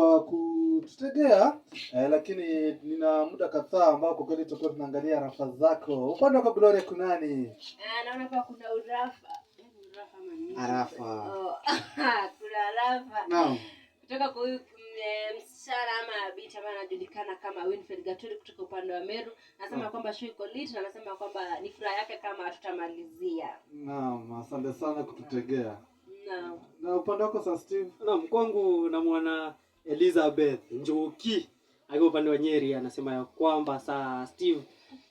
kwa kututegea eh, lakini nina muda kadhaa ambao kwa kweli tutakuwa tunaangalia rafa zako. Upande wako Gloria, kunani? Ah, eh, naona kwa kuna urafa. Arafa. Oh, kuna arafa. Naam. Kutoka kwa huyu mm, msichana ama binti ambaye anajulikana kama Winfred Gaturi kutoka upande wa Meru anasema no. kwamba show iko lit na anasema kwamba ni furaha yake kama hatutamalizia. Naam, asante sana kututegea. Naam. Na upande wako Sir Steve? Naam, kwangu namwona Elizabeth Njoki akiwa upande wa Nyeri anasema ya kwamba saa Steve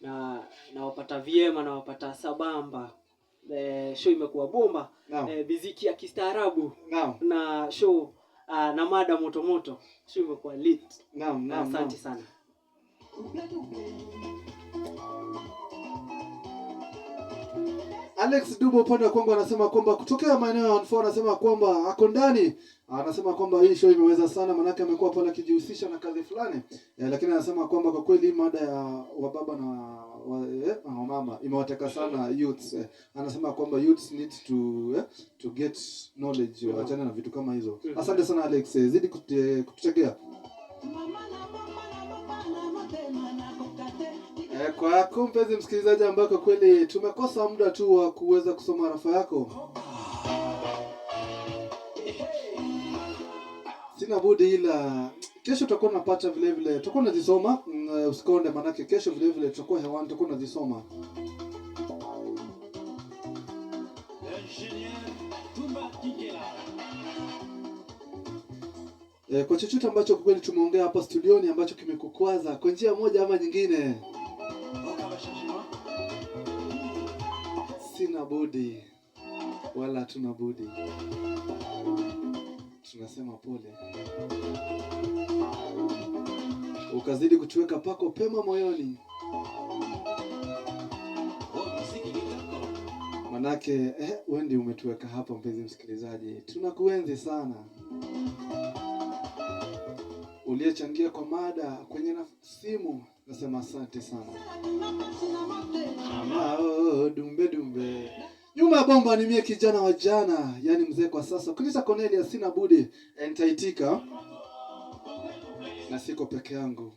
na nawapata vyema, nawapata sabamba. E, show imekuwa bomba no. E, eh, biziki ya kistaarabu no. na show uh, na mada moto moto, show imekuwa lit no, no, asante no. sana Alex Dubo upande wa Kongo anasema kwamba kutokea maeneo ya Onfor anasema kwamba ako ndani, anasema kwamba hii show imeweza sana, manake amekuwa pale akijihusisha na kazi fulani eh, lakini anasema kwamba kwa kweli mada ya wababa na wa, eh, mama imewateka sana youths eh. Anasema kwamba youths need to eh, to get knowledge, waachane na vitu kama hizo. Asante sana Alex, eh, zidi kututegea. mama mama. na Kwa yako mpenzi msikilizaji, ambako kweli tumekosa muda tu wa kuweza kusoma rafa yako, sina budi ila kesho tutakuwa tunapata vile vile, tutakuwa tunazisoma. Mm, eh, usikonde, maanake kesho vile vile tutakuwa hewani, tutakuwa tunazisoma. E, kwa chochote ambacho kweli tumeongea hapa studioni ambacho kimekukwaza kwa njia moja ama nyingine hatuna budi, wala hatuna budi, tunasema pole. Ukazidi kutuweka pako pema moyoni, manake eh, wendi umetuweka hapa. Mpenzi msikilizaji, tunakuenzi sana uliyechangia kwa mada kwenye simu, nasema asante sana. Amao oh, dumbe dumbe nyuma ya Bomba ni mie kijana wa jana, yani mzee kwa sasa. Kunisa Cornelia, sina budi entaitika na siko peke yangu.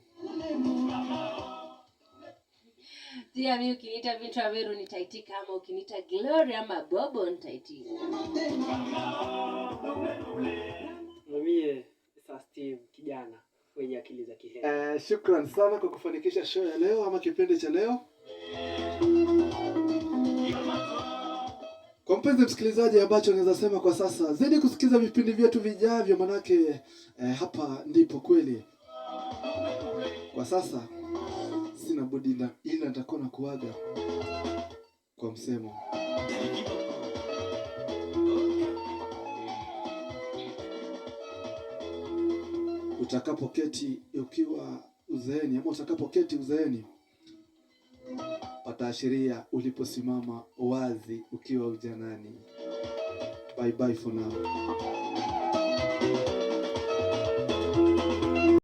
Pia mimi ukiniita Vinta Veru nitaitika, ama ukiniita Gloria ama Bobo nitaitika. Mamie Steve kijana wenye akili za kiheni. Eh, shukran sana kwa kufanikisha show ya leo ama kipindi cha leo. Kwa mpenzi msikilizaji, ambacho naweza sema kwa sasa, zidi kusikiza vipindi vyetu vijavyo, manake eh, hapa ndipo kweli. Kwa sasa sina budi ila nitakuwa na kuaga kwa msemo utakapoketi ukiwa uzeeni ama utakapoketi uzeeni, pataashiria uliposimama wazi ukiwa ujanani. Bye bye for now.